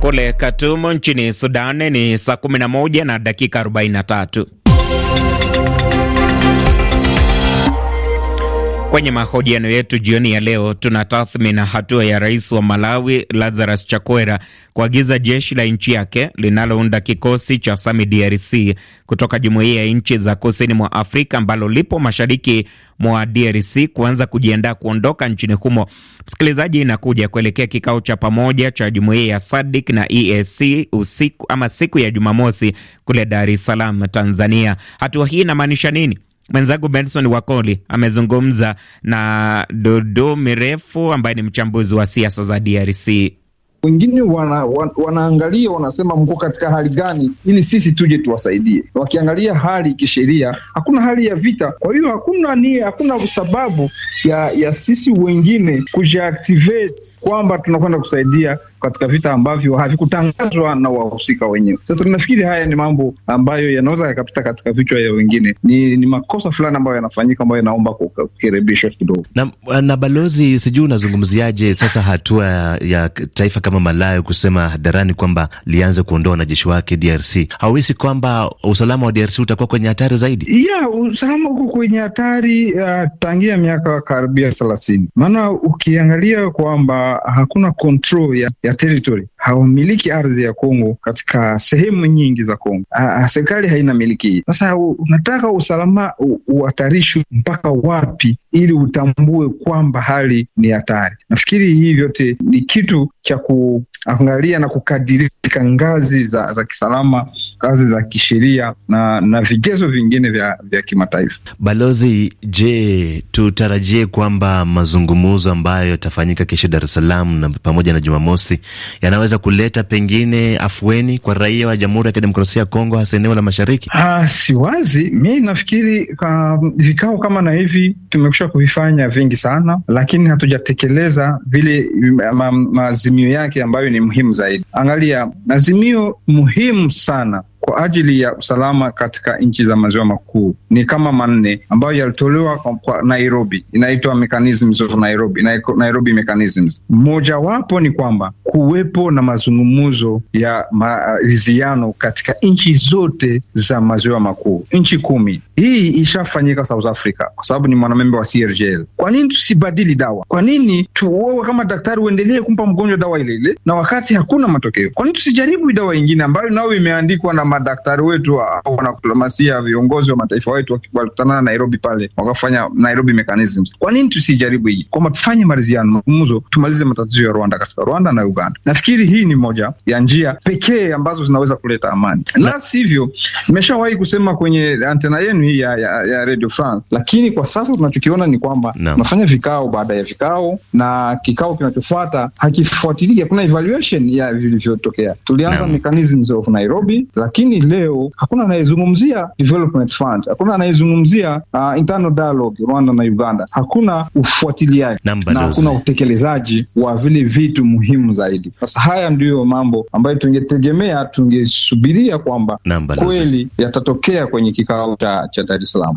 Kule Katumu nchini Sudani ni saa 11 na dakika 43. Kwenye mahojiano yetu jioni ya leo tunatathmini hatua ya rais wa Malawi Lazarus Chakwera kuagiza jeshi la nchi yake linalounda kikosi cha SAMI DRC kutoka jumuiya ya nchi za kusini mwa Afrika ambalo lipo mashariki mwa DRC kuanza kujiandaa kuondoka nchini humo. Msikilizaji, inakuja kuelekea kikao cha pamoja cha jumuiya ya SADIK na EAC usiku ama siku ya Jumamosi kule Dar es Salaam, Tanzania. Hatua hii inamaanisha nini? Mwenzangu Benson Wakoli amezungumza na Dodo Mirefu ambaye ni mchambuzi wa siasa za DRC. Wengine wana, wana, wanaangalia wanasema, mko katika hali gani ili sisi tuje tuwasaidie. Wakiangalia hali kisheria, hakuna hali ya vita, kwa hiyo hakuna ni hakuna sababu ya, ya sisi wengine kujiactivate kwamba tunakwenda kusaidia katika vita ambavyo havikutangazwa na wahusika wenyewe. Sasa nafikiri haya ni mambo ambayo yanaweza yakapita katika vichwa ya wengine, ni, ni makosa fulani ambayo yanafanyika ambayo yanaomba kurekebishwa kidogo. Na, na balozi, sijui unazungumziaje sasa hatua ya taifa kama Malawi kusema hadharani kwamba lianze kuondoa wanajeshi wake DRC? Hauhisi kwamba usalama wa DRC utakuwa kwenye hatari zaidi? Yeah, usalama uko kwenye hatari uh, tangia miaka karibia thelathini, maana ukiangalia kwamba hakuna control ya ya territory hawamiliki ardhi ya Kongo katika sehemu nyingi za Kongo. Ah, ah, serikali haina miliki hii. Sasa unataka usalama uhatarishwe mpaka wapi ili utambue kwamba hali ni hatari? Nafikiri hii vyote ni kitu cha kuangalia na kukadirika ngazi za, za kisalama kazi za kisheria na, na vigezo vingine vya, vya kimataifa. Balozi, je, tutarajie kwamba mazungumzo ambayo yatafanyika kesho Dar es Salaam na pamoja na Jumamosi yanaweza kuleta pengine afueni kwa raia wa Jamhuri ya Kidemokrasia ya Kongo, hasa eneo la mashariki? Si wazi, mi nafikiri ka, vikao kama na hivi tumekusha kuvifanya vingi sana, lakini hatujatekeleza vile maazimio ma, yake ambayo ni muhimu zaidi. Angalia azimio muhimu sana kwa ajili ya usalama katika nchi za maziwa makuu ni kama manne ambayo yalitolewa kwa Nairobi, inaitwa mechanisms of Nairobi, Nairobi mechanisms. Mojawapo ni kwamba kuwepo na mazungumzo ya maridhiano katika nchi zote za maziwa makuu, nchi kumi. Hii ishafanyika South Africa kwa sababu ni mwanamembe wa CRGL. Kwa nini tusibadili dawa? Kwa nini tuowe kama daktari uendelee kumpa mgonjwa dawa ile ile na wakati hakuna matokeo? Kwa nini tusijaribu dawa ingine ambayo nayo imeandikwa na madaktari wetu au wanadiplomasia, viongozi wa mataifa wetu walikutana na Nairobi pale, wakafanya Nairobi mechanisms. Kwa nini tusijaribu hii kwamba tufanye maridhiano, mazungumzo, tumalize matatizo ya Rwanda katika Rwanda na Uganda? Nafikiri hii ni moja ya njia pekee ambazo zinaweza kuleta amani, la sivyo, nimeshawahi kusema kwenye antena yenu hii ya, ya, ya Radio France, lakini kwa sasa tunachokiona ni kwamba tunafanya no. vikao baada ya vikao na kikao kinachofuata hakifuatilii, hakuna evaluation ya vilivyotokea. Tulianza no. mechanisms of Nairobi, lakini lakini leo hakuna anayezungumzia development fund, hakuna anayezungumzia uh, internal dialogue Rwanda na Uganda, hakuna ufuatiliaji na hakuna utekelezaji wa vile vitu muhimu zaidi. Sasa haya ndiyo mambo ambayo tungetegemea, tungesubiria kwamba kweli yatatokea kwenye kikao cha Dar es Salaam.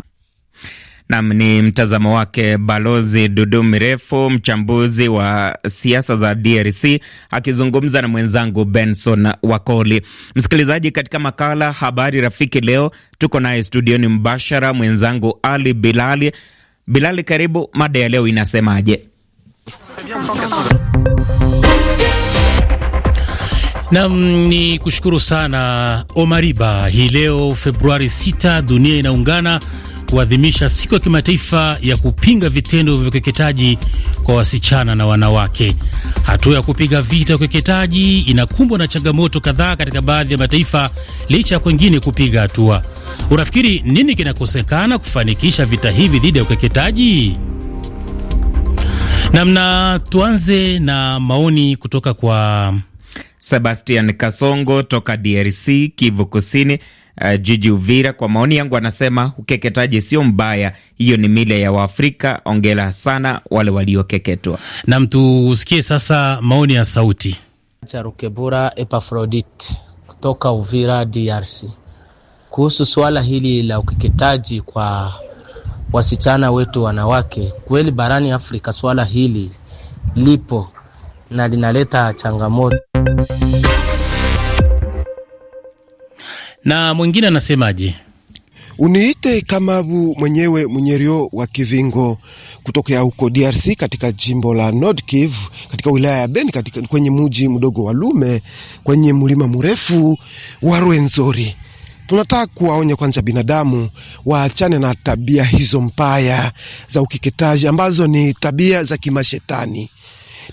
Nam ni mtazamo wake Balozi Dudu Mirefu, mchambuzi wa siasa za DRC, akizungumza na mwenzangu Benson Wakoli. Msikilizaji, katika makala Habari Rafiki leo tuko naye studioni mbashara mwenzangu Ali Bilali. Bilali, karibu. Mada ya leo inasemaje? Nam ni kushukuru sana Omariba. Hii leo Februari 6 dunia inaungana kuadhimisha siku ya kimataifa ya kupinga vitendo vya ukeketaji kwa wasichana na wanawake. Hatua ya kupiga vita ukeketaji inakumbwa na changamoto kadhaa katika baadhi ya mataifa, licha ya kwengine kupiga hatua. Unafikiri nini kinakosekana kufanikisha vita hivi dhidi ya ukeketaji? Namna tuanze na maoni kutoka kwa Sebastian Kasongo toka DRC, Kivu Kusini uh, eh, jiji Uvira. Kwa maoni yangu, anasema ukeketaji sio mbaya, hiyo ni mila ya Waafrika. Ongela sana wale waliokeketwa. Nam, tusikie sasa maoni ya sauti Charukebura Epafrodit kutoka Uvira, DRC, kuhusu suala hili la ukeketaji kwa wasichana wetu wanawake. Kweli barani Afrika suala hili lipo na linaleta changamoto na mwingine anasemaje? Uniite Kamabu mwenyewe mwenyerio wa Kivingo kutokea huko DRC katika jimbo la Nord Kivu katika wilaya ya Beni katika, kwenye muji mdogo wa Lume kwenye mlima mrefu wa Rwenzori. Tunataka kuwaonya kwanza binadamu waachane na tabia hizo mbaya za ukeketaji ambazo ni tabia za kimashetani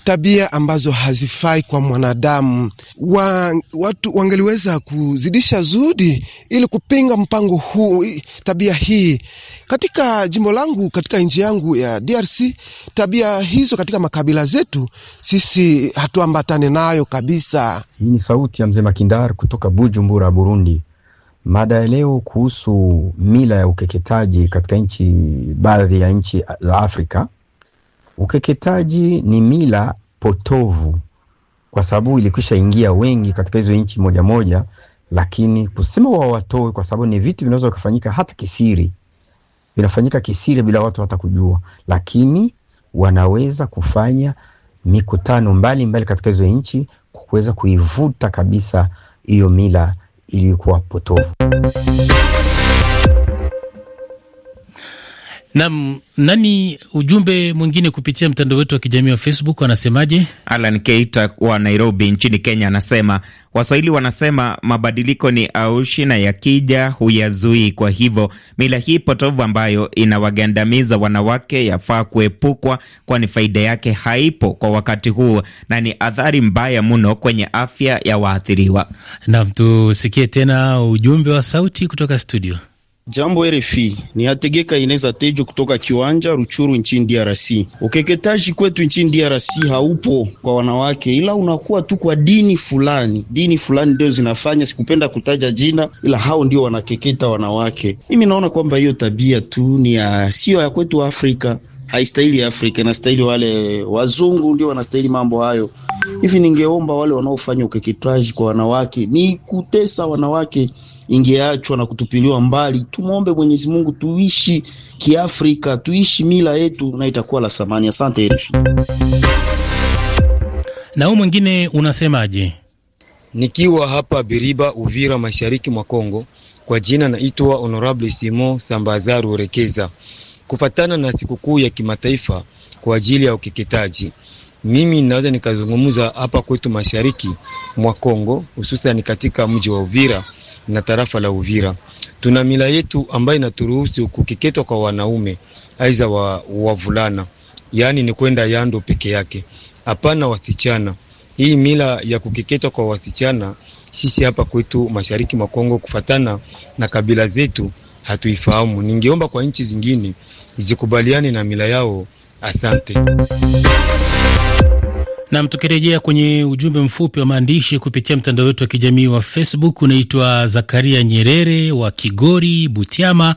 tabia ambazo hazifai kwa mwanadamu. Wa, watu wangeliweza kuzidisha zudi ili kupinga mpango huu, tabia hii katika jimbo langu, katika nchi yangu ya DRC. Tabia hizo katika makabila zetu sisi hatuambatane nayo kabisa. Hii ni sauti ya mzee Makindar kutoka Bujumbura, Burundi. Mada ya leo kuhusu mila ya ukeketaji katika nchi, baadhi ya nchi za Afrika Ukeketaji ni mila potovu, kwa sababu ilikwisha ingia wengi katika hizo nchi moja moja, lakini kusema wao watoe, kwa sababu ni vitu vinaweza kufanyika hata kisiri, vinafanyika kisiri bila watu hata kujua, lakini wanaweza kufanya mikutano mbalimbali mbali katika hizo nchi kuweza kuivuta kabisa hiyo mila iliyokuwa potovu. Nam nani, ujumbe mwingine kupitia mtandao wetu wa kijamii wa Facebook anasemaje Alan Keita wa Nairobi nchini Kenya anasema Waswahili wanasema mabadiliko ni aushi na yakija huyazui. Kwa hivyo mila hii potovu ambayo inawagandamiza wanawake yafaa kuepukwa, kwani faida yake haipo kwa wakati huu na ni athari mbaya mno kwenye afya ya waathiriwa. Nam, tusikie tena ujumbe wa sauti kutoka studio. Jambo RFI ni Hategeka Ineza Tejo kutoka Kiwanja Ruchuru nchini DRC. Ukeketaji kwetu nchini DRC haupo kwa wanawake, ila unakuwa tu kwa dini fulani. Dini fulani ndio zinafanya, sikupenda kutaja jina, ila hao ndio wanakeketa wanawake. Mimi naona kwamba hiyo tabia tu ni ya sio ya kwetu Afrika, haistahili ya Afrika, inastahili wale wazungu ndio wanastahili mambo hayo. Hivi ningeomba wale wanaofanya ukeketaji kwa wanawake ni kutesa wanawake ingeachwa na kutupiliwa mbali. Tumwombe Mwenyezi Mungu tuishi Kiafrika, tuishi mila yetu na itakuwa la samani. Asante RFI. Na huu mwingine unasemaje? Nikiwa hapa Biriba, Uvira, mashariki mwa Kongo. Kwa jina naitwa Honorable Simon Sambazaru Rekeza. Kufatana na sikukuu ya kimataifa kwa ajili ya ukeketaji, mimi naweza nikazungumza hapa kwetu mashariki mwa Kongo, hususan katika mji wa Uvira na tarafa la Uvira. Tuna mila yetu ambayo inaturuhusu kukeketwa kwa wanaume aiza wa wavulana, yaani ni kwenda yando peke yake, hapana wasichana. Hii mila ya kukeketwa kwa wasichana sisi hapa kwetu mashariki mwa Kongo, kufatana na kabila zetu, hatuifahamu. Ningeomba kwa nchi zingine zikubaliane na mila yao. Asante. Nam, tukirejea kwenye ujumbe mfupi wa maandishi kupitia mtandao wetu wa kijamii wa Facebook, unaitwa Zakaria Nyerere wa Kigori, Butiama,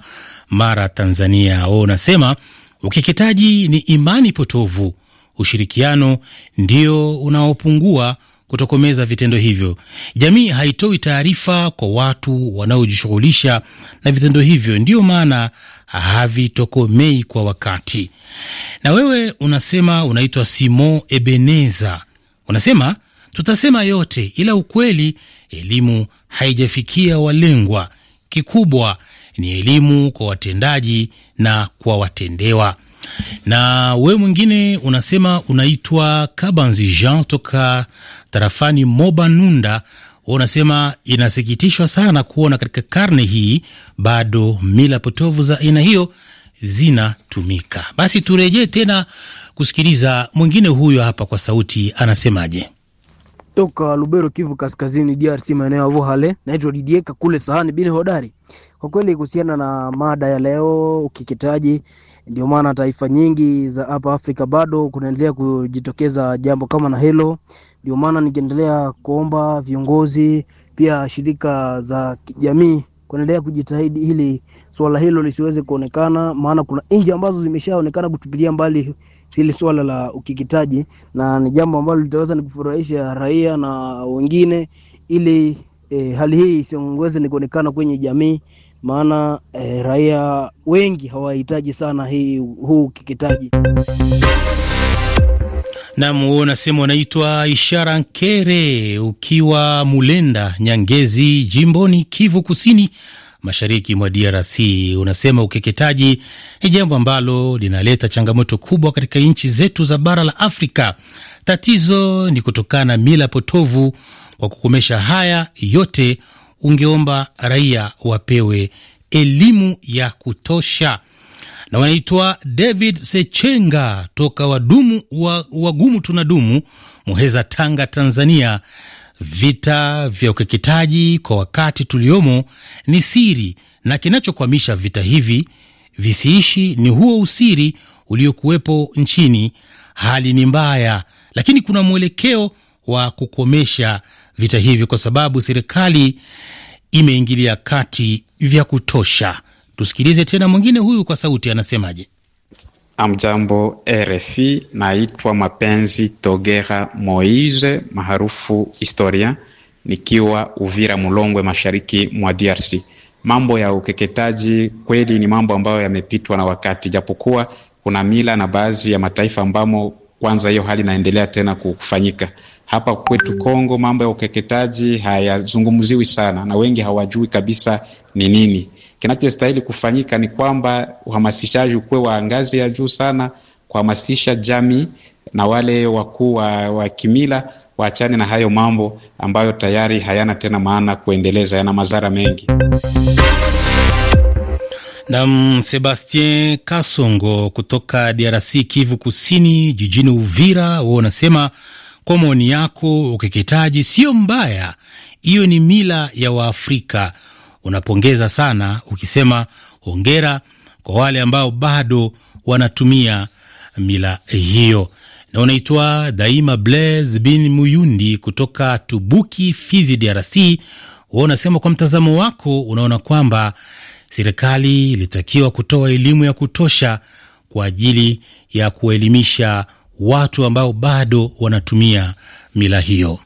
Mara, Tanzania. O, unasema ukeketaji ni imani potovu, ushirikiano ndio unaopungua kutokomeza vitendo hivyo. Jamii haitoi taarifa kwa watu wanaojishughulisha na vitendo hivyo, ndiyo maana havitokomei kwa wakati. Na wewe unasema unaitwa simo Ebeneza, unasema tutasema yote, ila ukweli elimu haijafikia walengwa. Kikubwa ni elimu kwa watendaji na kwa watendewa. Na wewe mwingine unasema unaitwa Kabanzi Jean toka tarafani Moba Nunda, unasema inasikitishwa sana kuona katika karne hii bado mila potovu za aina hiyo zinatumika. Basi turejee tena kusikiliza mwingine huyo hapa kwa sauti, anasemaje? Toka Lubero, Kivu Kaskazini, DRC, maeneo ya Vuhale, Naitwa Didieka kule sahani bin hodari. Kwa kweli, kuhusiana na mada ya leo, ukeketaji ndio maana taifa nyingi za hapa Afrika bado kunaendelea kujitokeza jambo kama na hilo. Ndio maana nikiendelea kuomba viongozi pia shirika za kijamii kuendelea kujitahidi ili swala hilo lisiweze kuonekana, maana kuna nchi ambazo zimeshaonekana kutupilia mbali hili swala la ukikitaji, na ni jambo ambalo litaweza nikufurahisha raia na wengine, ili eh, hali hii isiongeze nikuonekana kwenye jamii maana eh, raia wengi hawahitaji sana hii huu kikitaji. Nam, huo unasema unaitwa Ishara Nkere ukiwa Mulenda Nyangezi, jimboni Kivu Kusini, mashariki mwa DRC. Unasema ukeketaji ni jambo ambalo linaleta changamoto kubwa katika nchi zetu za bara la Afrika. Tatizo ni kutokana mila potovu. Kwa kukomesha haya yote ungeomba raia wapewe elimu ya kutosha. Na wanaitwa David Sechenga toka wadumu, wa, wagumu dumu Muheza, Tanga, Tanzania. Vita vya ukeketaji kwa wakati tuliomo ni siri, na kinachokwamisha vita hivi visiishi ni huo usiri uliokuwepo nchini. Hali ni mbaya, lakini kuna mwelekeo wa kukomesha vita hivyo kwa sababu serikali imeingilia kati vya kutosha. Tusikilize tena mwingine huyu kwa sauti, anasemaje? Amjambo RFI, naitwa Mapenzi Togera Moise maarufu Historia, nikiwa Uvira Mulongwe, mashariki mwa DRC. Mambo ya ukeketaji kweli ni mambo ambayo yamepitwa na wakati, japokuwa kuna mila na baadhi ya mataifa ambamo kwanza hiyo hali inaendelea tena kufanyika hapa kwetu Kongo mambo ya ukeketaji hayazungumziwi sana na wengi hawajui kabisa ni nini kinachostahili kufanyika. Ni kwamba uhamasishaji ukuwe wa ngazi ya juu sana, kuhamasisha jamii na wale wakuu wa, wa kimila waachane na hayo mambo ambayo tayari hayana tena maana kuendeleza, yana madhara mengi. Nam Sebastien Kasongo kutoka DRC, Kivu Kusini, jijini Uvira, huo unasema kwa maoni yako, ukeketaji sio mbaya, hiyo ni mila ya Waafrika. Unapongeza sana ukisema hongera kwa wale ambao bado wanatumia mila hiyo. Na unaitwa Daima Blaise bin Muyundi kutoka Tubuki, Fizi, DRC. wa unasema kwa mtazamo wako unaona kwamba serikali ilitakiwa kutoa elimu ya kutosha kwa ajili ya kuelimisha watu ambao bado wanatumia mila hiyo.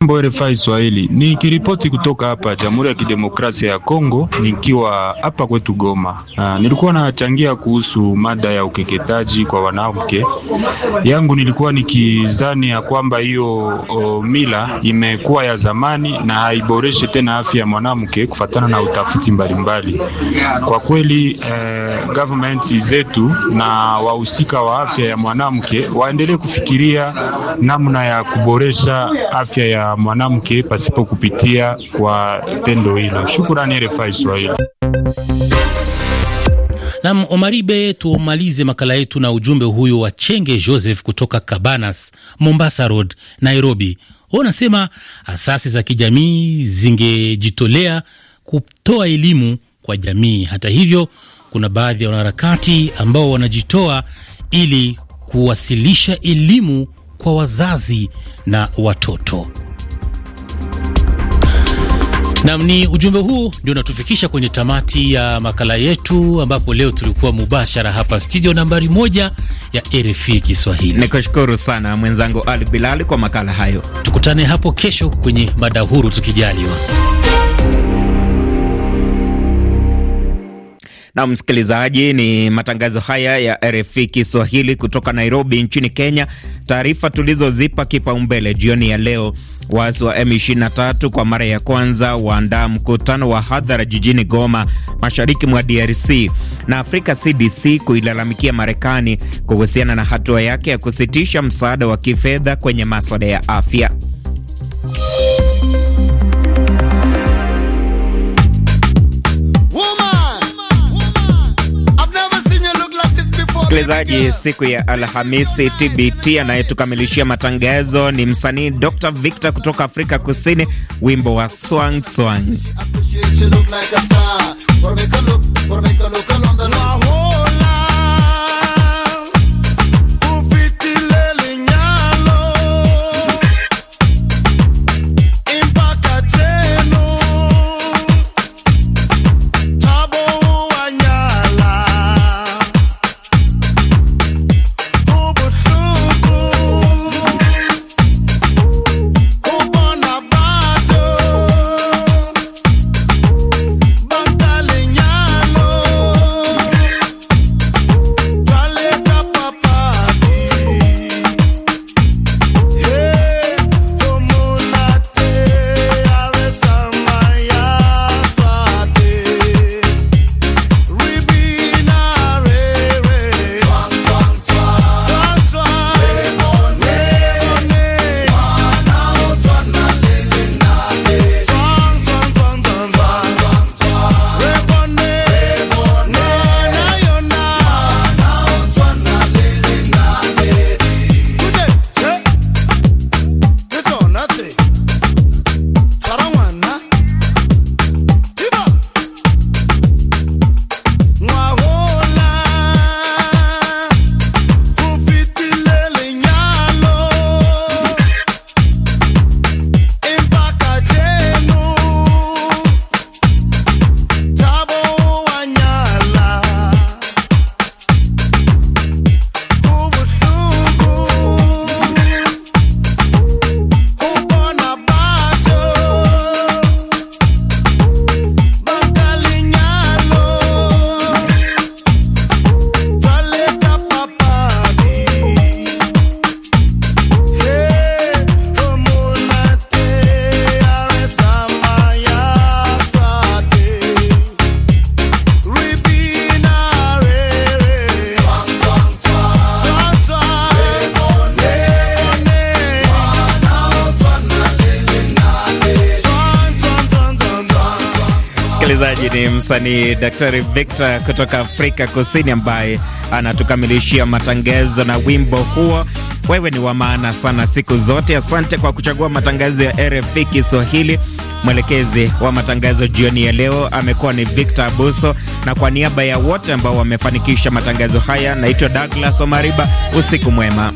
Jambo RFI Swahili, nikiripoti kutoka hapa Jamhuri ya Kidemokrasia ya Kongo, nikiwa hapa kwetu Goma. Aa, nilikuwa nachangia kuhusu mada ya ukeketaji kwa wanawake yangu. Nilikuwa nikizani ya kwamba hiyo mila imekuwa ya zamani na haiboreshi tena afya ya mwanamke kufatana na utafiti mbalimbali mbali. Kwa kweli eh, government zetu na wahusika wa afya ya mwanamke waendelee kufikiria namna ya kuboresha afya ya mwanamke pasipo kupitia kwa tendo hilo. Shukrani RFI Kiswahili. Nam Omaribe, tumalize makala yetu na ujumbe huyo wa Chenge Joseph kutoka kabanas Mombasa Road, Nairobi. Huo anasema asasi za kijamii zingejitolea kutoa elimu kwa jamii. Hata hivyo, kuna baadhi ya wanaharakati ambao wanajitoa ili kuwasilisha elimu kwa wazazi na watoto. Nam, ni ujumbe huu ndio unatufikisha kwenye tamati ya makala yetu, ambapo leo tulikuwa mubashara hapa studio nambari moja ya RFI Kiswahili. Nikushukuru sana mwenzangu Ali Bilali kwa makala hayo. Tukutane hapo kesho kwenye mada huru tukijaliwa. Na msikilizaji, ni matangazo haya ya RFI Kiswahili kutoka Nairobi nchini Kenya. Taarifa tulizozipa kipaumbele jioni ya leo, waasi wa M23 kwa mara ya kwanza waandaa mkutano wa hadhara jijini Goma, mashariki mwa DRC, na Afrika CDC kuilalamikia Marekani kuhusiana na hatua yake ya kusitisha msaada wa kifedha kwenye maswala ya afya. Msikilizaji, siku ya Alhamisi TBT. Anayetukamilishia matangazo ni msanii Dr Victor kutoka Afrika Kusini, wimbo wa swang swang msikilizaji, ni msanii Daktari Victor kutoka Afrika Kusini ambaye anatukamilishia matangazo na wimbo huo. Wewe ni wa maana sana siku zote. Asante kwa kuchagua matangazo ya RFI Kiswahili. Mwelekezi wa matangazo jioni ya leo amekuwa ni Victor Abuso, na kwa niaba ya wote ambao wamefanikisha matangazo haya, naitwa Douglas Omariba. Usiku mwema.